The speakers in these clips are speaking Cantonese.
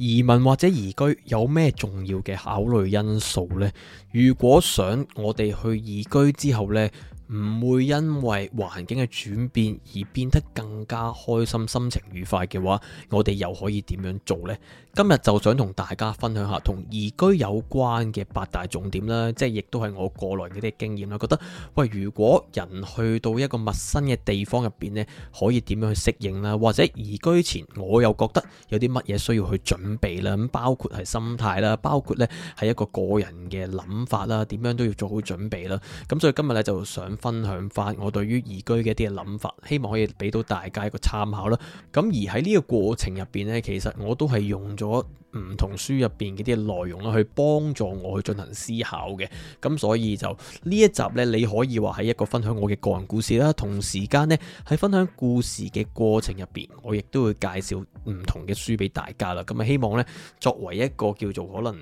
移民或者移居有咩重要嘅考慮因素呢？如果想我哋去移居之後呢？唔會因為環境嘅轉變而變得更加開心、心情愉快嘅話，我哋又可以點樣做呢？今日就想同大家分享下同移居有關嘅八大重點啦，即係亦都係我過來嗰啲經驗啦。覺得喂，如果人去到一個陌生嘅地方入邊呢可以點樣去適應啦？或者移居前，我又覺得有啲乜嘢需要去準備啦？咁包括係心態啦，包括呢係一個個人嘅諗法啦，點樣都要做好準備啦。咁所以今日咧就想。分享返我對於移居嘅一啲嘅諗法，希望可以俾到大家一個參考啦。咁而喺呢個過程入邊呢，其實我都係用咗唔同書入邊嘅啲內容啦，去幫助我去進行思考嘅。咁所以就呢一集呢，你可以話係一個分享我嘅個人故事啦。同時間呢，喺分享故事嘅過程入邊，我亦都會介紹唔同嘅書俾大家啦。咁啊，希望呢，作為一個叫做可能。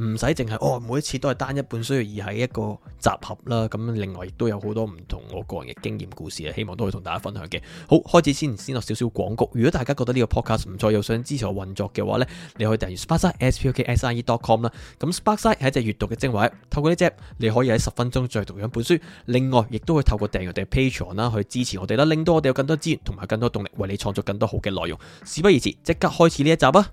唔使淨係哦，每一次都係單一本書，而係一個集合啦。咁另外亦都有好多唔同我個人嘅經驗故事啊，希望都可以同大家分享嘅。好，開始先，先落少少廣告。如果大家覺得呢個 Podcast 唔錯又想支持我運作嘅話呢，你可以訂閱 Sparksine sparksine.com 啦。咁 Sparksine 係一隻閲讀嘅精華，透過呢隻你可以喺十分鐘再讀完本書。另外亦都會透過訂閱我哋嘅 Patreon 啦，去支持我哋啦，令到我哋有更多資源同埋更多動力，為你創作更多好嘅內容。事不宜遲，即刻開始呢一集啊！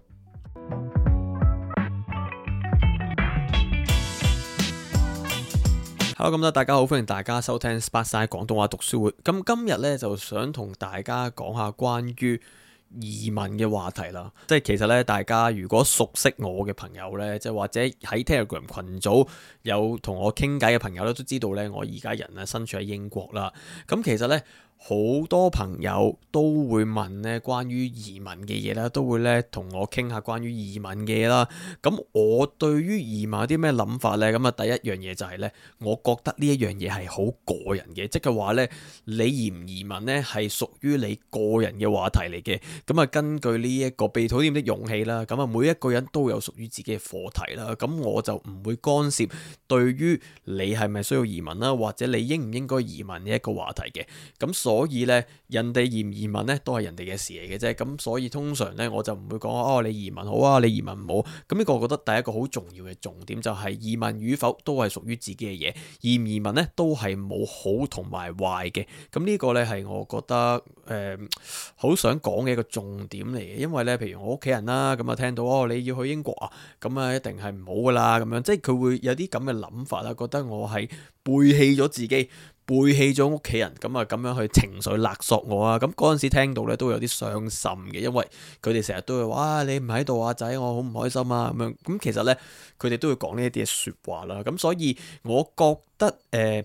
Hello 咁咧，大家好，歡迎大家收聽 Sparksine 廣東話讀書會。咁今日咧，就想同大家講下關於移民嘅話題啦。即係其實咧，大家如果熟悉我嘅朋友咧，即係或者喺 Telegram 群組有同我傾偈嘅朋友咧，都知道咧，我而家人啊身處喺英國啦。咁其實咧。好多朋友都會問呢，關於移民嘅嘢啦，都會咧同我傾下關於移民嘅嘢啦。咁我對於移民有啲咩諗法呢？咁啊，第一樣嘢就係呢：我覺得呢一樣嘢係好個人嘅，即係話呢，你移唔移民呢係屬於你個人嘅話題嚟嘅。咁啊，根據呢一個被討厭的勇氣啦，咁啊，每一個人都有屬於自己嘅課題啦。咁我就唔會干涉對於你係咪需要移民啦，或者你應唔應該移民呢一個話題嘅。咁所所以咧，人哋移唔移民咧，都係人哋嘅事嚟嘅啫。咁所以通常咧，我就唔會講哦，你移民好啊，你移民唔好。咁、這、呢個我覺得第一個好重要嘅重點就係移民與否都係屬於自己嘅嘢，移唔移民咧都係冇好同埋壞嘅。咁、這、呢個咧係我覺得誒好、呃、想講嘅一個重點嚟嘅，因為咧，譬如我屋企人啦，咁啊聽到哦，你要去英國啊，咁啊一定係唔好噶啦，咁樣即係佢會有啲咁嘅諗法啦，覺得我係背棄咗自己。背棄咗屋企人，咁啊咁樣去情緒勒索我啊！咁嗰陣時聽到咧，都有啲傷心嘅，因為佢哋成日都會話你唔喺度啊仔，我好唔開心啊咁樣。咁其實咧，佢哋都會講呢一啲嘅説話啦。咁所以我覺得誒、呃，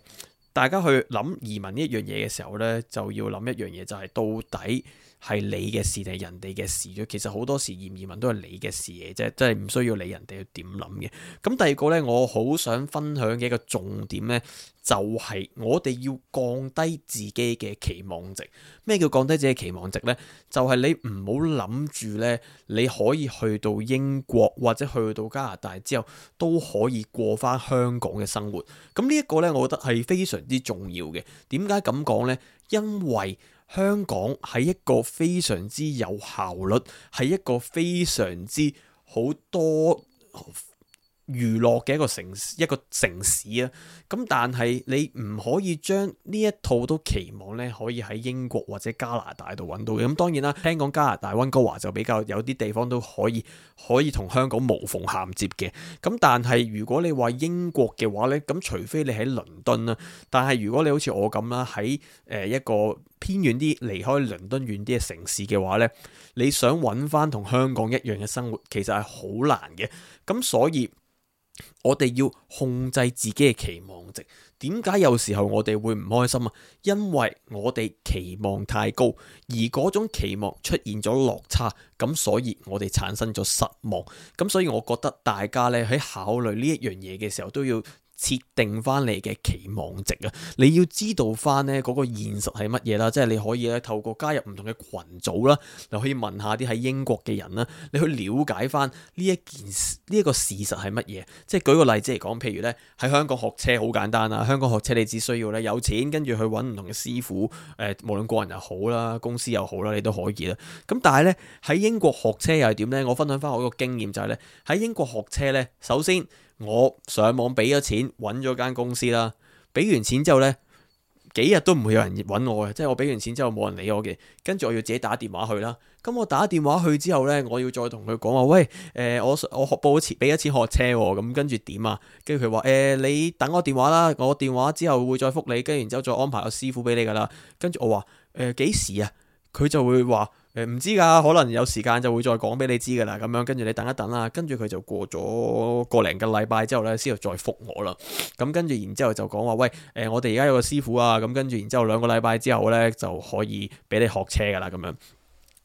大家去諗移民呢一樣嘢嘅時候咧，就要諗一樣嘢，就係、是、到底。係你嘅事定係人哋嘅事？咁其實好多時移唔移民都係你嘅事嚟啫，即係唔需要理人哋點諗嘅。咁第二個呢，我好想分享嘅一個重點呢，就係我哋要降低自己嘅期望值。咩叫降低自己期望值呢？就係你唔好諗住呢，你可以去到英國或者去到加拿大之後都可以過翻香港嘅生活。咁呢一個呢，我覺得係非常之重要嘅。點解咁講呢？因為香港係一個非常之有效率，係一個非常之好多娛樂嘅一個城市，一個城市啊，咁但係你唔可以將呢一套都期望咧可以喺英國或者加拿大度揾到嘅。咁當然啦，聽講加拿大溫哥華就比較有啲地方都可以可以同香港無縫銜接嘅。咁但係如果你話英國嘅話咧，咁除非你喺倫敦啦。但係如果你好似我咁啦，喺誒一個偏遠啲、離開倫敦遠啲嘅城市嘅話咧，你想揾翻同香港一樣嘅生活，其實係好難嘅。咁所以，我哋要控制自己嘅期望值。點解有時候我哋會唔開心啊？因為我哋期望太高，而嗰種期望出現咗落差，咁所以我哋產生咗失望。咁所以我覺得大家咧喺考慮呢一樣嘢嘅時候都要。設定翻你嘅期望值啊！你要知道翻呢嗰個現實係乜嘢啦，即係你可以咧透過加入唔同嘅群組啦，你可以問下啲喺英國嘅人啦，你去了解翻呢一件事。呢一個事實係乜嘢？即係舉個例子嚟講，譬如呢，喺香港學車好簡單啊，香港學車你只需要呢，有錢，跟住去揾唔同嘅師傅，誒、呃、無論個人又好啦，公司又好啦，你都可以啦。咁但係呢，喺英國學車又係點呢？我分享翻我一個經驗就係、是、呢：喺英國學車呢，首先。我上網俾咗錢，揾咗間公司啦。俾完錢之後呢，幾日都唔會有人揾我嘅，即係我俾完錢之後冇人理我嘅。跟住我要自己打電話去啦。咁我打電話去之後呢，我要再同佢講話，喂，誒、呃，我我學報咗錢，俾咗錢學車喎。咁跟住點啊？跟住佢話，誒、呃，你等我電話啦，我電話之後會再覆你，跟住然之後再安排個師傅俾你㗎啦。跟住我話，誒、呃，幾時啊？佢就會話。誒，唔知噶，可能有時間就會再講俾你知噶啦。咁樣，跟住你等一等啦。跟住佢就過咗個零個禮拜之後呢，先又再覆我啦。咁跟住，然之後就講話，喂，誒、呃，我哋而家有個師傅啊。咁跟住，然之後兩個禮拜之後呢，就可以俾你學車噶啦。咁樣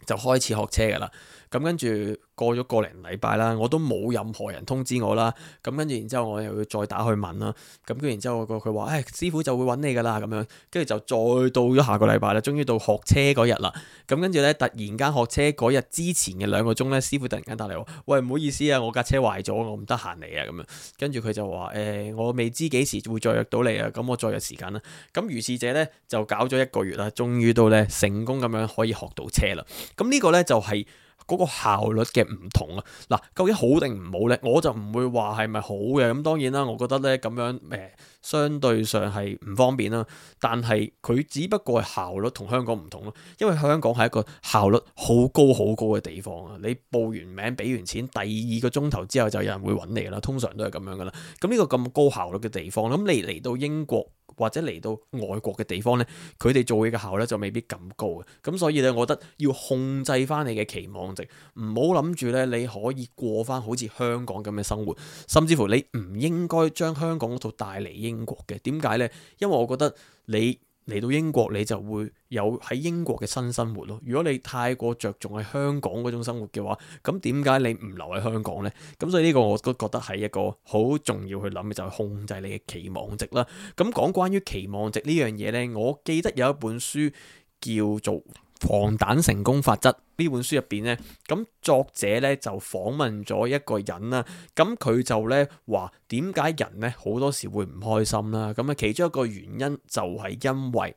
就開始學車噶啦。咁跟住過咗個零禮拜啦，我都冇任何人通知我啦。咁跟住，然之後我又要再打去問啦。咁跟住，然之後個佢話，誒、哎、師傅就會揾你噶啦。咁樣跟住就再到咗下個禮拜啦。終於到學車嗰日啦。咁跟住呢，突然間學車嗰日之前嘅兩個鐘呢，師傅突然間打嚟話，喂，唔好意思啊，我架車壞咗，我唔得閒嚟啊。咁樣跟住佢就話，誒、哎，我未知幾時會再約到你啊。咁我再約時間啦。咁如是者呢，就搞咗一個月啦，終於都呢成功咁樣可以學到車啦。咁呢個呢，就係、是。嗰個效率嘅唔同啊，嗱，究竟好定唔好咧？我就唔會話係咪好嘅，咁當然啦，我覺得咧，咁樣誒、呃，相對上係唔方便啦。但係佢只不過係效率同香港唔同咯，因為香港係一個效率好高好高嘅地方啊！你報完名俾完錢，第二個鐘頭之後就有人會揾你啦，通常都係咁樣噶啦。咁呢個咁高效率嘅地方，咁你嚟到英國。或者嚟到外國嘅地方呢，佢哋做嘢嘅效率就未必咁高嘅，咁所以呢，我覺得要控制翻你嘅期望值，唔好諗住呢你可以過翻好似香港咁嘅生活，甚至乎你唔應該將香港嗰套帶嚟英國嘅。點解呢？因為我覺得你。嚟到英國你就會有喺英國嘅新生活咯。如果你太過着重喺香港嗰種生活嘅話，咁點解你唔留喺香港咧？咁所以呢個我都覺得係一個好重要去諗嘅，就係控制你嘅期望值啦。咁講關於期望值呢樣嘢咧，我記得有一本書叫做。狂彈成功法則呢本書入邊呢，咁作者呢就訪問咗一個人啦，咁佢就呢話點解人呢好多時會唔開心啦？咁啊其中一個原因就係因為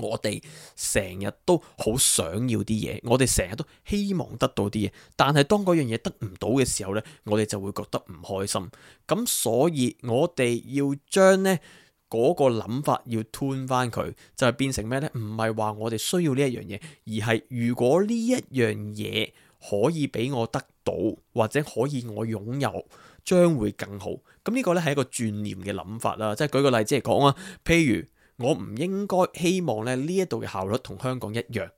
我哋成日都好想要啲嘢，我哋成日都希望得到啲嘢，但係當嗰樣嘢得唔到嘅時候呢，我哋就會覺得唔開心。咁所以我哋要將呢，嗰個諗法要 turn 翻佢，就係變成咩呢？唔係話我哋需要呢一樣嘢，而係如果呢一樣嘢可以俾我得到或者可以我擁有，將會更好。咁呢個呢係一個轉念嘅諗法啦。即係舉個例子嚟講啊，譬如我唔應該希望咧呢一度嘅效率同香港一樣。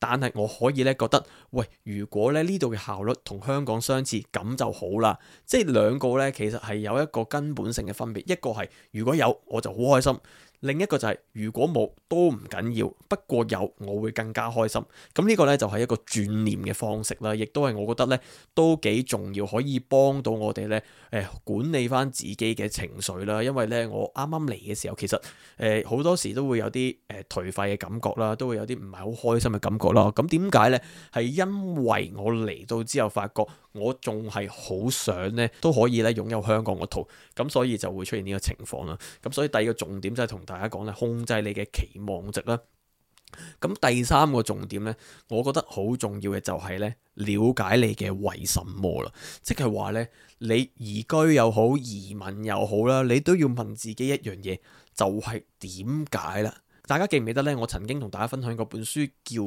但係我可以呢覺得，喂，如果呢呢度嘅效率同香港相似，咁就好啦。即係兩個呢，其實係有一個根本性嘅分別，一個係如果有，我就好開心。另一個就係、是、如果冇都唔緊要，不過有我會更加開心。咁呢個呢，就係、是、一個轉念嘅方式啦，亦都係我覺得呢，都幾重要，可以幫到我哋呢誒、呃、管理翻自己嘅情緒啦。因為呢，我啱啱嚟嘅時候，其實誒好、呃、多時都會有啲誒頹廢嘅感覺啦，都會有啲唔係好開心嘅感覺啦。咁點解呢？係因為我嚟到之後，發覺我仲係好想呢都可以咧擁有香港嗰套，咁所以就會出現呢個情況啦。咁所以第二個重點就係同。大家講咧，控制你嘅期望值啦。咁第三個重點咧，我覺得好重要嘅就係咧，了解你嘅為什麼啦。即係話咧，你移居又好，移民又好啦，你都要問自己一樣嘢，就係點解啦。大家記唔記得咧？我曾經同大家分享過本書叫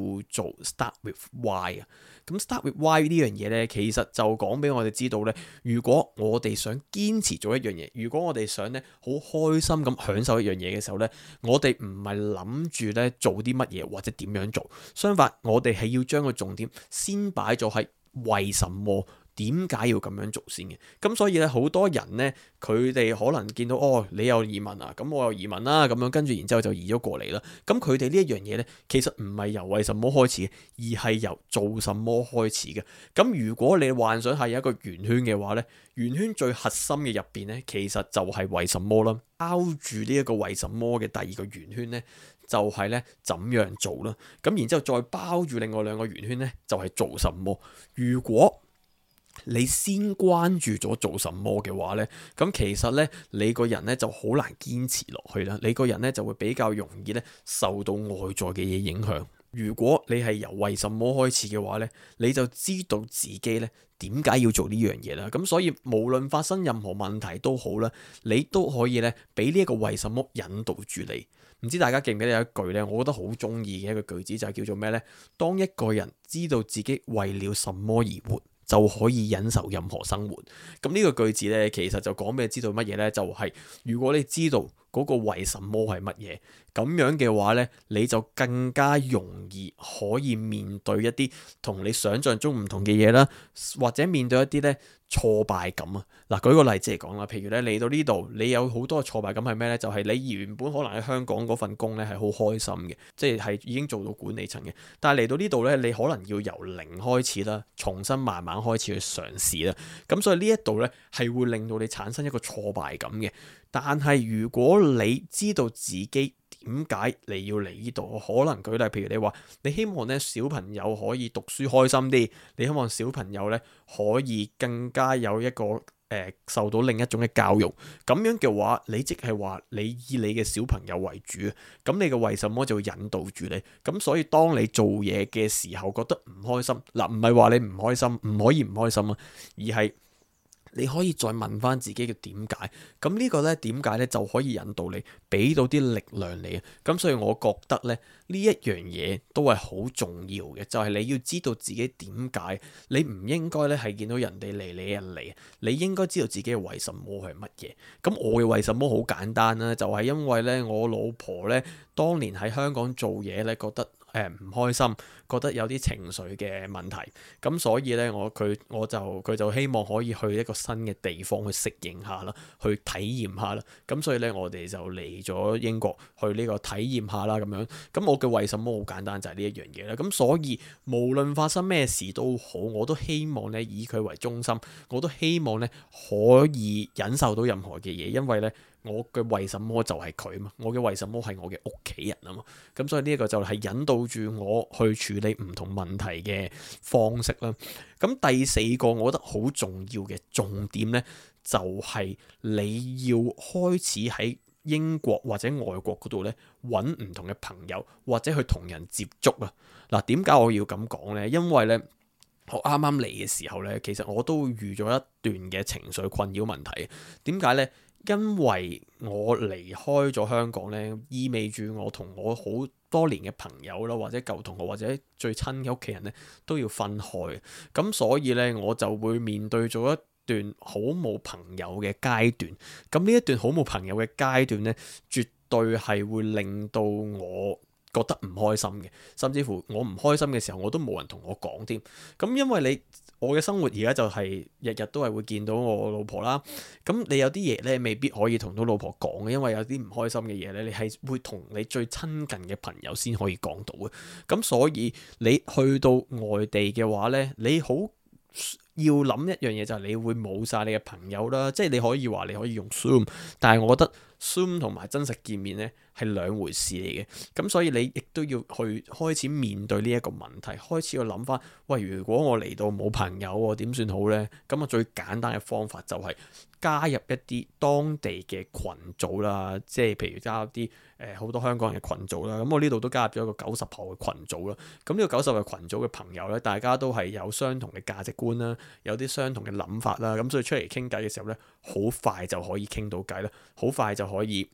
做《Start With Why》啊。咁《Start With Why》呢樣嘢咧，其實就講俾我哋知道咧，如果我哋想堅持做一樣嘢，如果我哋想咧好開心咁享受一樣嘢嘅時候咧，我哋唔係諗住咧做啲乜嘢或者點樣做，相反，我哋係要將個重點先擺咗喺為什麼。點解要咁樣做先嘅？咁所以咧，好多人呢，佢哋可能見到哦，你有疑問啊，咁我有疑問啦，咁樣跟住，然之後就移咗過嚟啦。咁佢哋呢一樣嘢呢，其實唔係由為什麼開始，而係由做什麼開始嘅。咁如果你幻想係一個圓圈嘅話呢，圓圈最核心嘅入邊呢，其實就係為什麼啦。包住呢一個為什麼嘅第二個圓圈呢，就係呢，怎樣做啦。咁然之後再包住另外兩個圓圈呢，就係做什麼。如果你先關注咗做什麼嘅話呢，咁其實呢，你個人呢就好難堅持落去啦。你個人呢就會比較容易呢受到外在嘅嘢影響。如果你係由為什麼開始嘅話呢，你就知道自己呢點解要做呢樣嘢啦。咁所以無論發生任何問題都好啦，你都可以呢俾呢一個為什麼引導住你。唔知大家記唔記得有一句呢，我覺得好中意嘅一個句子就係叫做咩呢？「當一個人知道自己為了什麼而活，就可以忍受任何生活。咁呢個句子呢，其實就講畀你知道乜嘢呢？就係、是、如果你知道嗰個為什麼係乜嘢。咁樣嘅話呢，你就更加容易可以面對一啲同你想象中唔同嘅嘢啦，或者面對一啲呢挫敗感啊！嗱，舉個例子嚟講啦，譬如咧嚟到呢度，你有好多嘅挫敗感係咩呢？就係你原本可能喺香港嗰份工呢係好開心嘅，即係係已經做到管理層嘅，但係嚟到呢度呢，你可能要由零開始啦，重新慢慢開始去嘗試啦。咁所以呢一度呢係會令到你產生一個挫敗感嘅。但係如果你知道自己點解你要嚟呢度？可能舉例，譬如你話你希望咧小朋友可以讀書開心啲，你希望小朋友咧可以更加有一個誒、呃、受到另一種嘅教育咁樣嘅話，你即係話你以你嘅小朋友為主啊。咁你嘅為什麼就會引導住你咁？所以當你做嘢嘅時候覺得唔開心嗱，唔係話你唔開心，唔、呃、可以唔開心啊，而係。你可以再問翻自己嘅點解，咁呢個呢點解呢，就可以引導你俾到啲力量你啊，咁所以我覺得呢呢一樣嘢都係好重要嘅，就係你要知道自己點解，你唔應該呢係見到人哋嚟，你又嚟，你應該知道自己係為什麼係乜嘢。咁我嘅為什麼好簡單呢？就係因為呢，我老婆呢當年喺香港做嘢呢，覺得。誒唔、呃、開心，覺得有啲情緒嘅問題，咁所以呢，我佢我就佢就希望可以去一個新嘅地方去適應下啦，去體驗下啦，咁所以呢，我哋就嚟咗英國去呢個體驗下啦，咁樣，咁我嘅為什麼好簡單就係呢一樣嘢啦，咁所以無論發生咩事都好，我都希望呢以佢為中心，我都希望呢可以忍受到任何嘅嘢，因為呢。我嘅為什麼就係佢嘛？我嘅為什麼係我嘅屋企人啊嘛？咁所以呢一個就係引導住我去處理唔同問題嘅方式啦。咁第四個我覺得好重要嘅重點呢，就係你要開始喺英國或者外國嗰度呢，揾唔同嘅朋友或者去同人接觸啊。嗱，點解我要咁講呢？因為呢，我啱啱嚟嘅時候呢，其實我都遇咗一段嘅情緒困擾問題。點解呢？因為我離開咗香港咧，意味住我同我好多年嘅朋友啦，或者舊同學，或者最親嘅屋企人咧，都要分開。咁所以咧，我就會面對咗一段好冇朋友嘅階段。咁呢一段好冇朋友嘅階段咧，絕對係會令到我覺得唔開心嘅。甚至乎我唔開心嘅時候，我都冇人同我講添。咁因為你。我嘅生活而家就係日日都係會見到我老婆啦。咁你有啲嘢咧，未必可以同到老婆講嘅，因為有啲唔開心嘅嘢咧，你係會同你最親近嘅朋友先可以講到嘅。咁所以你去到外地嘅話咧，你好。要諗一樣嘢就係你會冇晒你嘅朋友啦，即係你可以話你可以用 Zoom，但係我覺得 Zoom 同埋真實見面呢係兩回事嚟嘅，咁所以你亦都要去開始面對呢一個問題，開始去諗翻喂，如果我嚟到冇朋友我點算好呢？咁啊最簡單嘅方法就係。加入一啲當地嘅群組啦，即係譬如加入啲誒好多香港人嘅群組啦。咁我呢度都加入咗一個九十後嘅群組啦。咁呢個九十後嘅群組嘅朋友呢，大家都係有相同嘅價值觀啦，有啲相同嘅諗法啦。咁所以出嚟傾偈嘅時候呢，好快就可以傾到偈啦，好快就可以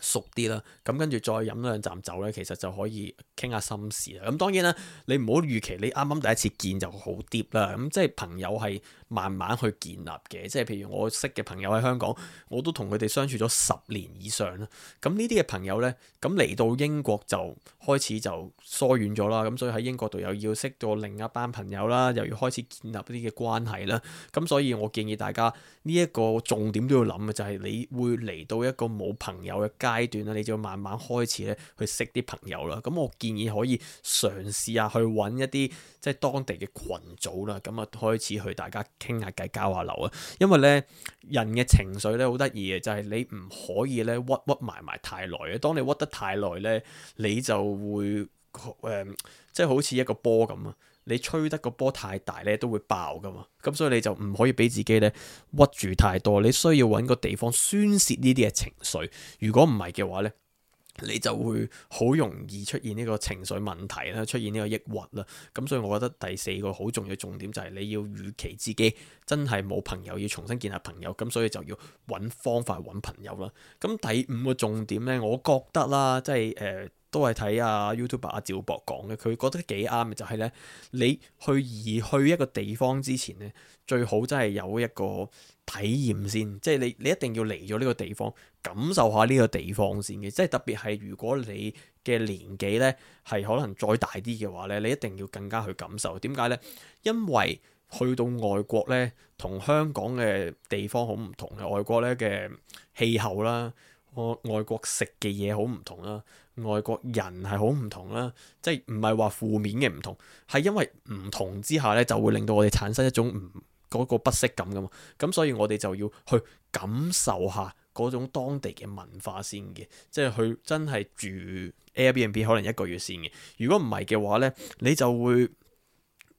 熟啲啦。咁跟住再飲兩啖酒呢，其實就可以傾下心事啦。咁當然啦，你唔好預期你啱啱第一次見就好 deep 啦。咁即係朋友係慢慢去建立嘅，即係譬如我識嘅朋友喺香港，我都同佢哋相處咗十年以上啦。咁呢啲嘅朋友咧，咁嚟到英國就開始就疏遠咗啦。咁所以喺英國度又要識到另一班朋友啦，又要開始建立一啲嘅關係啦。咁所以我建議大家呢一個重點都要諗嘅就係你會嚟到一個冇朋友嘅階段啦，你就要慢慢開始咧去識啲朋友啦。咁我建議可以嘗試下去揾一啲即係當地嘅群組啦，咁啊開始去大家。傾下偈，交下流啊。因為咧，人嘅情緒咧好得意嘅，就係、是、你唔可以咧屈屈埋埋太耐啊。當你屈得太耐咧，你就會誒、即、呃、係、就是、好似一個波咁啊。你吹得個波太大咧，都會爆噶嘛！咁所以你就唔可以俾自己咧屈住太多，你需要揾個地方宣泄呢啲嘅情緒。如果唔係嘅話咧，你就會好容易出現呢個情緒問題啦，出現呢個抑鬱啦。咁所以，我覺得第四個好重要重點就係你要預期自己真係冇朋友，要重新建立朋友，咁所以就要揾方法揾朋友啦。咁第五個重點呢，我覺得啦，即係誒。呃都係睇阿 YouTuber 阿趙博講嘅，佢覺得幾啱嘅就係、是、咧，你去移去一個地方之前咧，最好真係有一個體驗先，即係你你一定要嚟咗呢個地方感受下呢個地方先嘅。即係特別係如果你嘅年紀咧係可能再大啲嘅話咧，你一定要更加去感受。點解咧？因為去到外國咧，同香港嘅地方好唔同嘅。外國咧嘅氣候啦，外、呃、外國食嘅嘢好唔同啦。外國人係好唔同啦，即係唔係話負面嘅唔同，係因為唔同之下呢，就會令到我哋產生一種唔嗰個不適感噶嘛。咁所以我哋就要去感受下嗰種當地嘅文化先嘅，即係去真係住 Airbnb 可能一個月先嘅。如果唔係嘅話呢，你就會。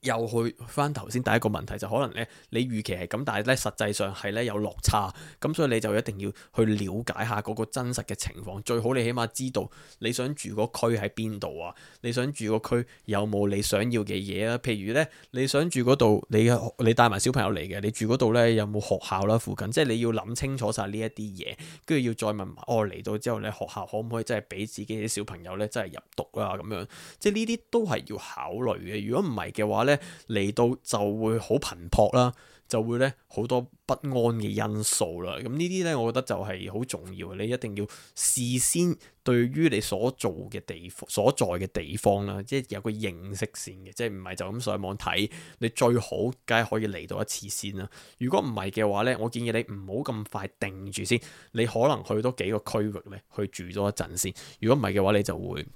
又去翻頭先第一個問題，就可能咧你預期係咁，但係咧實際上係咧有落差，咁所以你就一定要去了解下嗰個真實嘅情況。最好你起碼知道你想住個區喺邊度啊，你想住個區有冇你想要嘅嘢啊。譬如咧你想住嗰度，你你帶埋小朋友嚟嘅，你住嗰度咧有冇學校啦附近？即係你要諗清楚晒呢一啲嘢，跟住要再問哦嚟到之後咧學校可唔可以真係俾自己啲小朋友咧真係入讀啊？」咁樣。即係呢啲都係要考慮嘅。如果唔係嘅話，嚟到就會好頻撲啦，就會咧好多不安嘅因素啦。咁呢啲咧，我覺得就係好重要，你一定要事先對於你所做嘅地方、所在嘅地方啦，即係有個認識先嘅，即係唔係就咁上網睇。你最好梗係可以嚟到一次先啦。如果唔係嘅話咧，我建議你唔好咁快定住先，你可能去多幾個區域咧，去住多一陣先。如果唔係嘅話，你就會，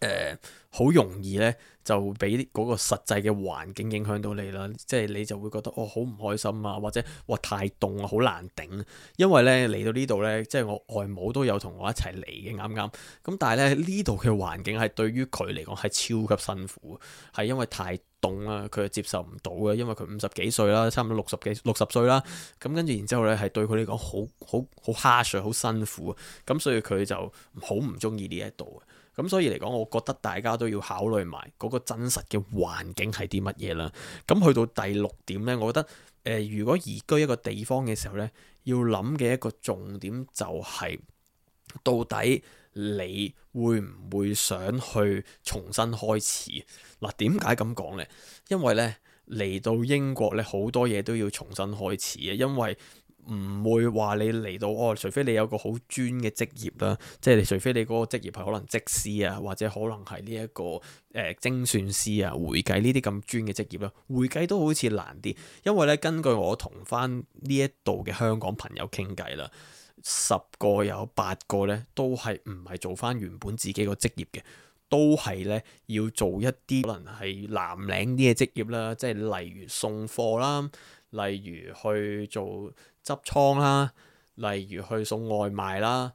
誒，好、呃、容易呢，就俾嗰個實際嘅環境影響到你啦。即係你就會覺得，我好唔開心啊，或者哇太凍啊，好難頂。因為呢，嚟到呢度呢，即係我外母都有同我一齊嚟嘅，啱、嗯、啱。咁、嗯、但係咧呢度嘅環境係對於佢嚟講係超級辛苦，係因為太凍啦，佢又接受唔到嘅，因為佢五十幾歲啦，差唔多六十幾六十歲啦。咁、嗯、跟住然之後咧，係對佢嚟講好好好 hard 好辛苦。咁、嗯、所以佢就好唔中意呢一度。咁所以嚟講，我覺得大家都要考慮埋嗰個真實嘅環境係啲乜嘢啦。咁去到第六點呢，我覺得誒、呃，如果移居一個地方嘅時候呢，要諗嘅一個重點就係、是、到底你會唔會想去重新開始？嗱、啊，點解咁講呢？因為呢，嚟到英國呢，好多嘢都要重新開始嘅，因為唔會話你嚟到哦，除非你有個好專嘅職業啦，即係你除非你嗰個職業係可能職師啊，或者可能係呢一個誒、呃、精算師啊、會計呢啲咁專嘅職業啦。會計都好似難啲，因為咧根據我同翻呢一度嘅香港朋友傾偈啦，十個有八個咧都係唔係做翻原本自己個職業嘅，都係咧要做一啲可能係藍領啲嘅職業啦，即係例如送貨啦。例如去做執倉啦、啊，例如去送外賣啦、啊，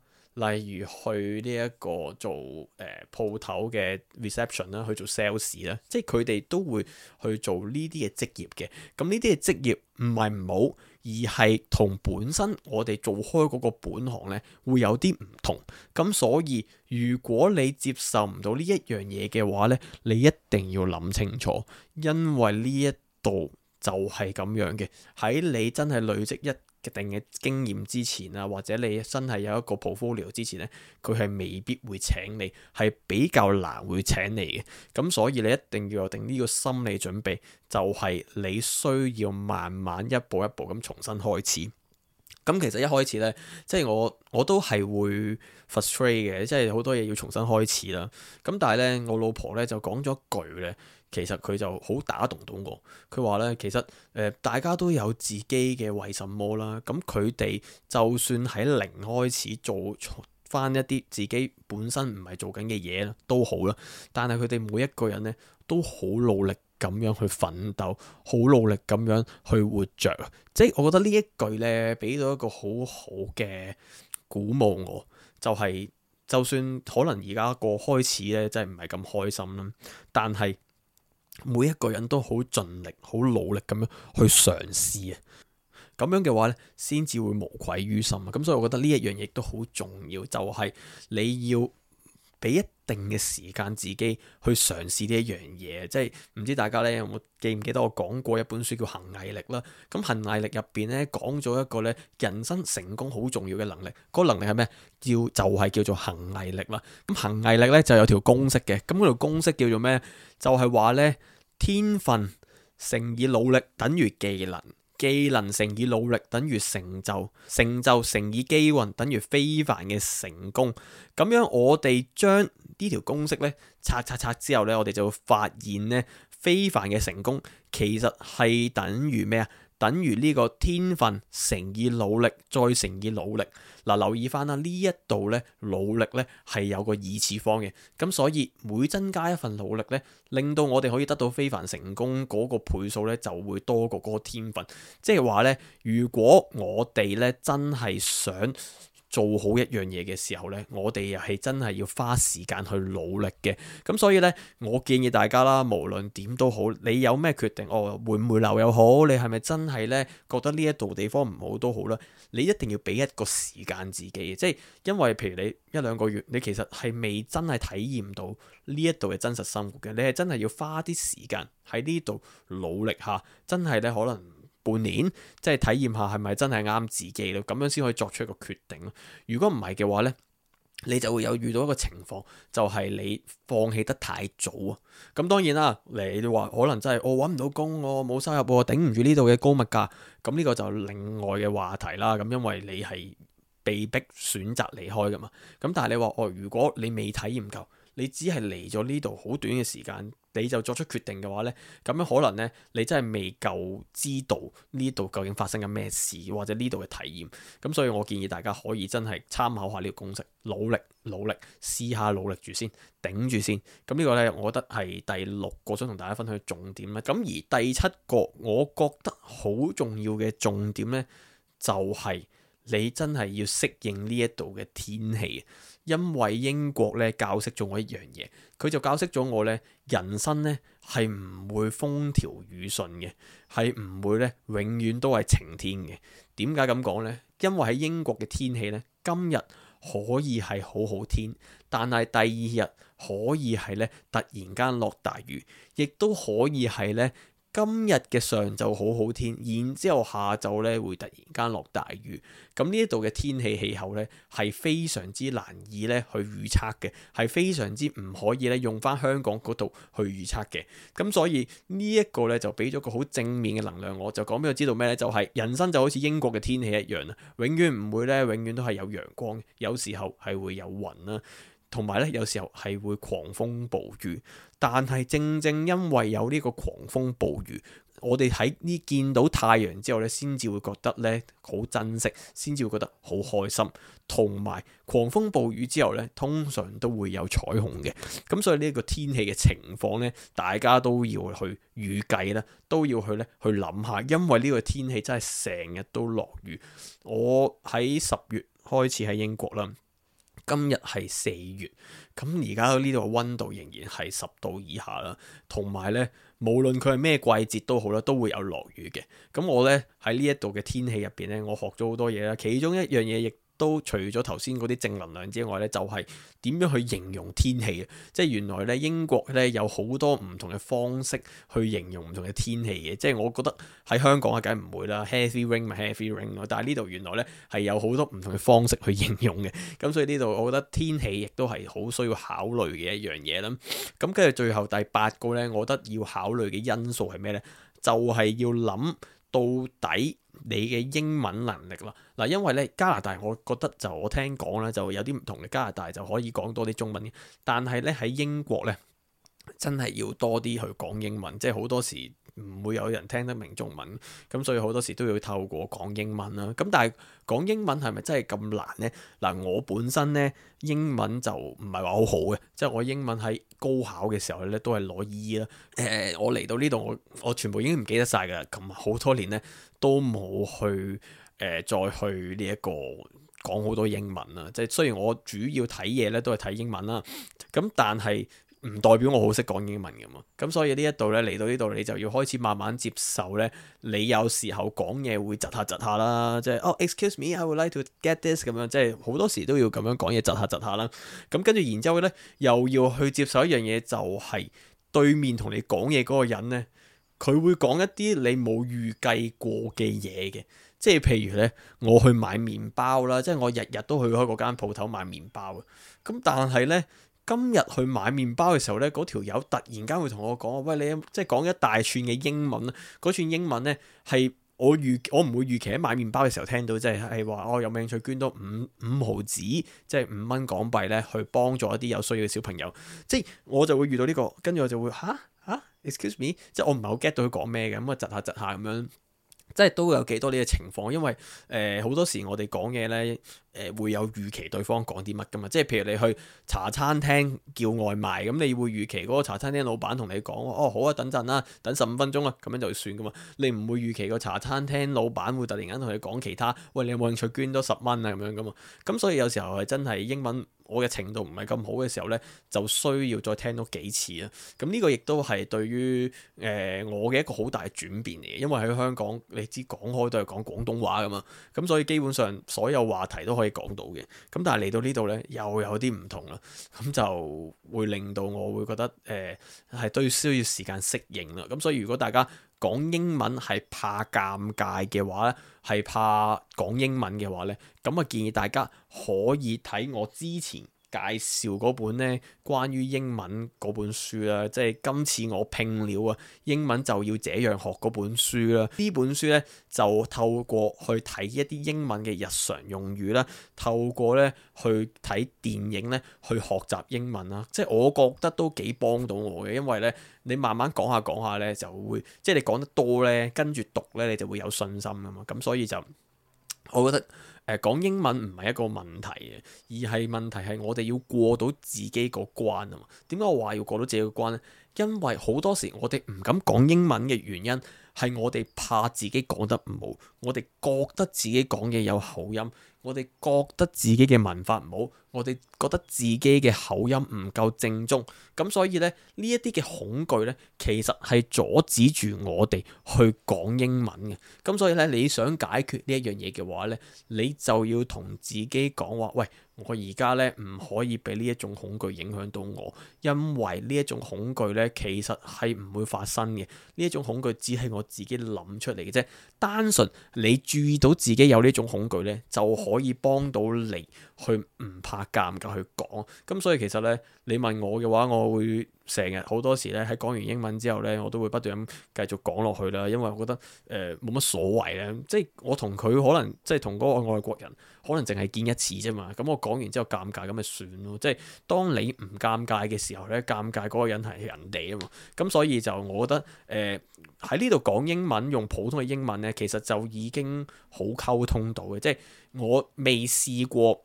例如去呢一個做誒鋪頭嘅 reception 啦、啊，去做 sales 啦、啊，即係佢哋都會去做呢啲嘅職業嘅。咁呢啲嘅職業唔係唔好，而係同本身我哋做開嗰個本行咧會有啲唔同。咁所以如果你接受唔到呢一樣嘢嘅話咧，你一定要諗清楚，因為呢一度。就係咁樣嘅，喺你真係累積一定嘅經驗之前啊，或者你真係有一個 portfolio 之前呢，佢係未必會請你，係比較難會請你嘅。咁所以你一定要有定呢個心理準備，就係你需要慢慢一步一步咁重新開始。咁其實一開始咧，即係我我都係會 frustrate 嘅，即係好多嘢要重新開始啦。咁但係咧，我老婆咧就講咗句咧，其實佢就好打動到我。佢話咧，其實誒大家都有自己嘅為什麼啦。咁佢哋就算喺零開始做返一啲自己本身唔係做緊嘅嘢啦，都好啦。但係佢哋每一個人咧都好努力。咁樣去奮鬥，好努力咁樣去活着，即係我覺得呢一句呢，俾到一個好好嘅鼓舞我。我就係、是、就算可能而家個開始呢，真係唔係咁開心啦，但係每一個人都好盡力、好努力咁樣去嘗試啊。咁樣嘅話呢，先至會無愧於心啊。咁、嗯、所以我覺得呢一樣嘢都好重要，就係、是、你要。俾一定嘅時間自己去嘗試呢一樣嘢。即係唔知大家咧有冇記唔記得我講過一本書叫《恆毅力》啦。咁《恆毅力》入邊咧講咗一個咧人生成功好重要嘅能力，個能力係咩？叫就係、是、叫做恆毅力啦。咁恆毅力咧就是、有條公式嘅。咁嗰條公式叫做咩？就係話咧天分乘以努力等於技能。技能乘以努力等於成就，成就乘以機運等於非凡嘅成功。咁樣我哋將呢條公式咧拆拆拆之後咧，我哋就會發現咧非凡嘅成功其實係等於咩啊？等於呢個天分乘以努力再乘以努力，嗱，啊，留意翻啦，呢一度呢，努力呢係有個二次方嘅，咁所以每增加一份努力呢，令到我哋可以得到非凡成功嗰個倍數呢，就會多過嗰個天分，即係話呢，如果我哋呢真係想。做好一樣嘢嘅時候呢，我哋又係真係要花時間去努力嘅。咁所以呢，我建議大家啦，無論點都好，你有咩決定，哦會唔會留又好，你係咪真係呢，覺得呢一度地方唔好都好啦，你一定要俾一個時間自己，即係因為譬如你一兩個月，你其實係未真係體驗到呢一度嘅真實生活嘅，你係真係要花啲時間喺呢度努力下。真係呢可能半年即係體驗下係咪真係啱自己咯，咁樣先可以作出一個決定。如果唔係嘅話呢，你就會有遇到一個情況，就係你放棄得太早啊。咁當然啦，你話可能真係我搵唔到工，我冇收入，我頂唔住呢度嘅高物價。咁呢個就另外嘅話題啦。咁因為你係被逼選擇離開噶嘛。咁但係你話哦，如果你未體驗夠，你只係嚟咗呢度好短嘅時間。你就作出決定嘅話呢，咁樣可能呢，你真係未夠知道呢度究竟發生緊咩事，或者呢度嘅體驗。咁所以我建議大家可以真係參考下呢個公式，努力努力，試下努力住先，頂住先。咁呢個呢，我覺得係第六個想同大家分享嘅重點啦。咁而第七個，我覺得好重要嘅重點呢，就係、是。你真係要適應呢一度嘅天氣，因為英國咧教識咗我一樣嘢，佢就教識咗我咧，人生咧係唔會風調雨順嘅，係唔會咧永遠都係晴天嘅。點解咁講呢？因為喺英國嘅天氣咧，今日可以係好好天，但係第二日可以係咧突然間落大雨，亦都可以係咧。今日嘅上晝好好天，然之後下晝咧會突然間落大雨。咁呢一度嘅天氣氣候咧係非常之難以咧去預測嘅，係非常之唔可以咧用翻香港嗰度去預測嘅。咁所以、這個、呢一個咧就俾咗個好正面嘅能量，我就講俾佢知道咩咧，就係、是、人生就好似英國嘅天氣一樣啦，永遠唔會咧，永遠都係有陽光，有時候係會有雲啦、啊。同埋咧，有時候係會狂風暴雨，但係正正因為有呢個狂風暴雨，我哋喺呢見到太陽之後咧，先至會覺得咧好珍惜，先至會覺得好開心。同埋狂風暴雨之後咧，通常都會有彩虹嘅。咁所以呢個天氣嘅情況咧，大家都要去預計啦，都要去咧去諗下，因為呢個天氣真係成日都落雨。我喺十月開始喺英國啦。今日係四月，咁而家呢度嘅溫度仍然係十度以下啦，同埋咧，無論佢係咩季節都好啦，都會有落雨嘅。咁我咧喺呢一度嘅天氣入邊咧，我學咗好多嘢啦，其中一樣嘢亦。都除咗頭先嗰啲正能量之外咧，就係點樣去形容天氣嘅。即係原來咧，英國咧有好多唔同嘅方式去形容唔同嘅天氣嘅。即係我覺得喺香港啊，梗係唔會啦，heavy rain 咪 heavy rain 咯。但係呢度原來咧係有好多唔同嘅方式去形容嘅。咁所以呢度我覺得天氣亦都係好需要考慮嘅一樣嘢啦。咁跟住最後第八個咧，我覺得要考慮嘅因素係咩咧？就係要諗到底。你嘅英文能力囉，嗱，因為咧加拿大，我覺得就我聽講咧，就有啲唔同嘅加拿大就可以講多啲中文嘅，但係咧喺英國咧，真係要多啲去講英文，即係好多時，唔會有人聽得明中文，咁所以好多時都要透過講英文啦。咁但係講英文係咪真係咁難呢？嗱、呃，我本身呢英文就唔係話好好嘅，即、就、係、是、我英文喺高考嘅時候咧都係攞 E 啦。誒，我嚟到呢度，我我全部已經唔記得曬㗎。咁好多年呢都冇去誒、呃、再去呢、這、一個講好多英文啦。即係雖然我主要睇嘢咧都係睇英文啦，咁但係。唔代表我好識講英文㗎嘛。咁所以呢一度咧，嚟到呢度，你就要開始慢慢接受咧，你有時候講嘢會窒下窒下啦，即係哦，excuse me，I would like to get this 咁樣，即係好多時都要咁樣講嘢窒下窒下啦。咁跟住然之後咧，又要去接受一樣嘢，就係對面同你講嘢嗰個人咧，佢會講一啲你冇預計過嘅嘢嘅，即係譬如咧，我去買麵包啦，即係我日日都去開嗰間鋪頭買麵包啊。咁但係咧。今日去買麵包嘅時候咧，嗰條友突然間會同我講：喂，你即係講一大串嘅英文咧，嗰串英文咧係我預我唔會預期喺買麵包嘅時候聽到，即係係話我有冇興趣捐多五五毫子，即係五蚊港幣咧去幫助一啲有需要嘅小朋友。即係我就會遇到呢個，跟住我就會吓？吓 excuse me，即係我唔係好 get 到佢講咩嘅，咁啊窒下窒下咁樣，即係都會有幾多呢嘅情況，因為誒好多時我哋講嘢咧。誒會有預期對方講啲乜噶嘛？即係譬如你去茶餐廳叫外賣，咁你會預期嗰個茶餐廳老闆同你講，哦好啊，等陣啦，等十五分鐘啊，咁樣就算噶嘛。你唔會預期個茶餐廳老闆會突然間同你講其他，喂，你有冇興趣捐多十蚊啊咁樣噶嘛。咁所以有時候係真係英文我嘅程度唔係咁好嘅時候咧，就需要再聽多幾次啊。咁呢個亦都係對於誒、呃、我嘅一個好大嘅轉變嚟嘅，因為喺香港你知講開都係講廣東話噶嘛，咁所以基本上所有話題都可以。講到嘅，咁但係嚟到呢度咧，又有啲唔同啦，咁就會令到我會覺得，誒、呃，係都要需要時間適應啦。咁所以如果大家講英文係怕尷尬嘅話咧，係怕講英文嘅話咧，咁啊建議大家可以睇我之前。介紹嗰本咧，關於英文嗰本書啦，即係今次我拼了啊！英文就要這樣學嗰本書啦。呢本書咧就透過去睇一啲英文嘅日常用語啦，透過咧去睇電影咧去學習英文啦。即係我覺得都幾幫到我嘅，因為咧你慢慢講下講下咧就會，即係你講得多咧，跟住讀咧你就會有信心啊嘛。咁所以就我覺得。誒，講英文唔係一個問題啊，而係問題係我哋要過到自己個關啊嘛。點解我話要過到自己個關咧？因為好多時我哋唔敢講英文嘅原因係我哋怕自己講得唔好，我哋覺得自己講嘢有口音，我哋覺得自己嘅文法唔好，我哋覺得自己嘅口音唔夠正宗，咁所以咧，呢一啲嘅恐懼咧，其實係阻止住我哋去講英文嘅。咁所以咧，你想解決呢一樣嘢嘅話咧，你就要同自己講話，喂！我而家咧唔可以俾呢一種恐懼影響到我，因為呢一種恐懼咧其實係唔會發生嘅。呢一種恐懼只係我自己諗出嚟嘅啫。單純你注意到自己有呢種恐懼咧，就可以幫到你去唔怕尷尬去講。咁所以其實咧，你問我嘅話，我會。成日好多時咧，喺講完英文之後咧，我都會不斷咁繼續講落去啦。因為我覺得誒冇乜所謂咧，即係我同佢可能即係同嗰個外國人可能淨係見一次啫嘛。咁我講完之後尷尬咁咪算咯。即係當你唔尷尬嘅時候咧，尷尬嗰個人係人哋啊嘛。咁所以就我覺得誒喺呢度講英文用普通嘅英文咧，其實就已經好溝通到嘅。即係我未試過。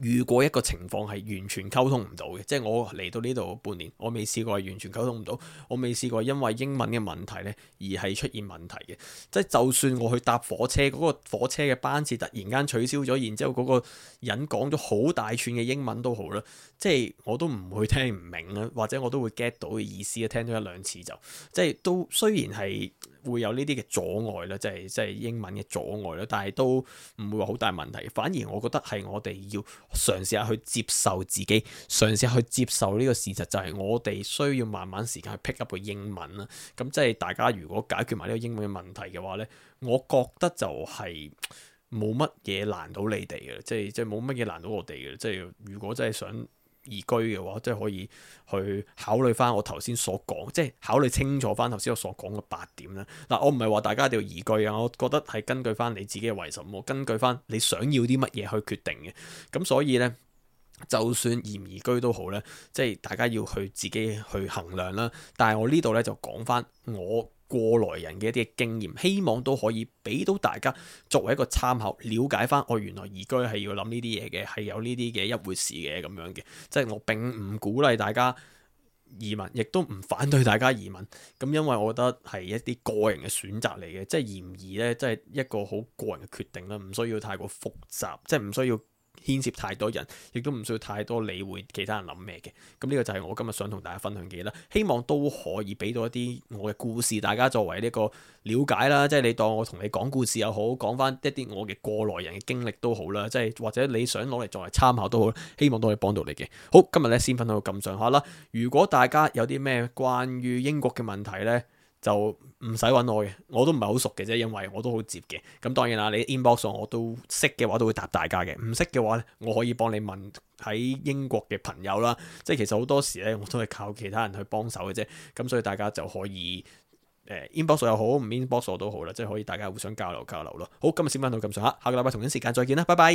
如果一個情況係完全溝通唔到嘅，即係我嚟到呢度半年，我未試過係完全溝通唔到，我未試過因為英文嘅問題咧而係出現問題嘅。即係就算我去搭火車，嗰個火車嘅班次突然間取消咗，然之後嗰個人講咗好大串嘅英文都好啦，即係我都唔會聽唔明啊，或者我都會 get 到嘅意思啊，聽咗一兩次就，即係都雖然係會有呢啲嘅阻礙啦，即係即係英文嘅阻礙啦，但係都唔會話好大問題，反而我覺得係我哋要。嘗試下去接受自己，嘗試去接受呢個事實，就係我哋需要慢慢時間去 pick up 個英文啦。咁即係大家如果解決埋呢個英文嘅問題嘅話咧，我覺得就係冇乜嘢難到你哋嘅，即係即係冇乜嘢難到我哋嘅。即係如果真係想。移居嘅話，即係可以去考慮翻我頭先所講，即係考慮清楚翻頭先我所講嘅八點啦。嗱，我唔係話大家一定要移居啊，我覺得係根據翻你自己嘅為什麼，根據翻你想要啲乜嘢去決定嘅。咁所以呢，就算移唔移居都好呢，即係大家要去自己去衡量啦。但係我呢度呢，就講翻我。過來人嘅一啲經驗，希望都可以俾到大家作為一個參考，了解翻，我、哦、原來移居係要諗呢啲嘢嘅，係有呢啲嘅一回事嘅咁樣嘅。即係我並唔鼓勵大家移民，亦都唔反對大家移民。咁因為我覺得係一啲個人嘅選擇嚟嘅，即係移民咧，即係一個好個人嘅決定啦，唔需要太過複雜，即係唔需要。牽涉太多人，亦都唔需要太多理會其他人諗咩嘅。咁呢個就係我今日想同大家分享嘅嘢啦。希望都可以俾到一啲我嘅故事，大家作為呢個了解啦。即係你當我同你講故事又好，講翻一啲我嘅過來人嘅經歷都好啦。即係或者你想攞嚟作為參考都好，希望都可以幫到你嘅。好，今日咧先分享到咁上下啦。如果大家有啲咩關於英國嘅問題咧，就唔使揾我嘅，我都唔係好熟嘅啫，因為我都好接嘅。咁當然啦，你 inbox 我都識嘅話，都會答大家嘅。唔識嘅話，我可以幫你問喺英國嘅朋友啦。即係其實好多時呢，我都係靠其他人去幫手嘅啫。咁、嗯、所以大家就可以誒、呃、inbox 又好唔 inbox 都好啦，即係可以大家互相交流交流咯。好，今日先翻到咁上下，下個禮拜同一時間再見啦，拜拜。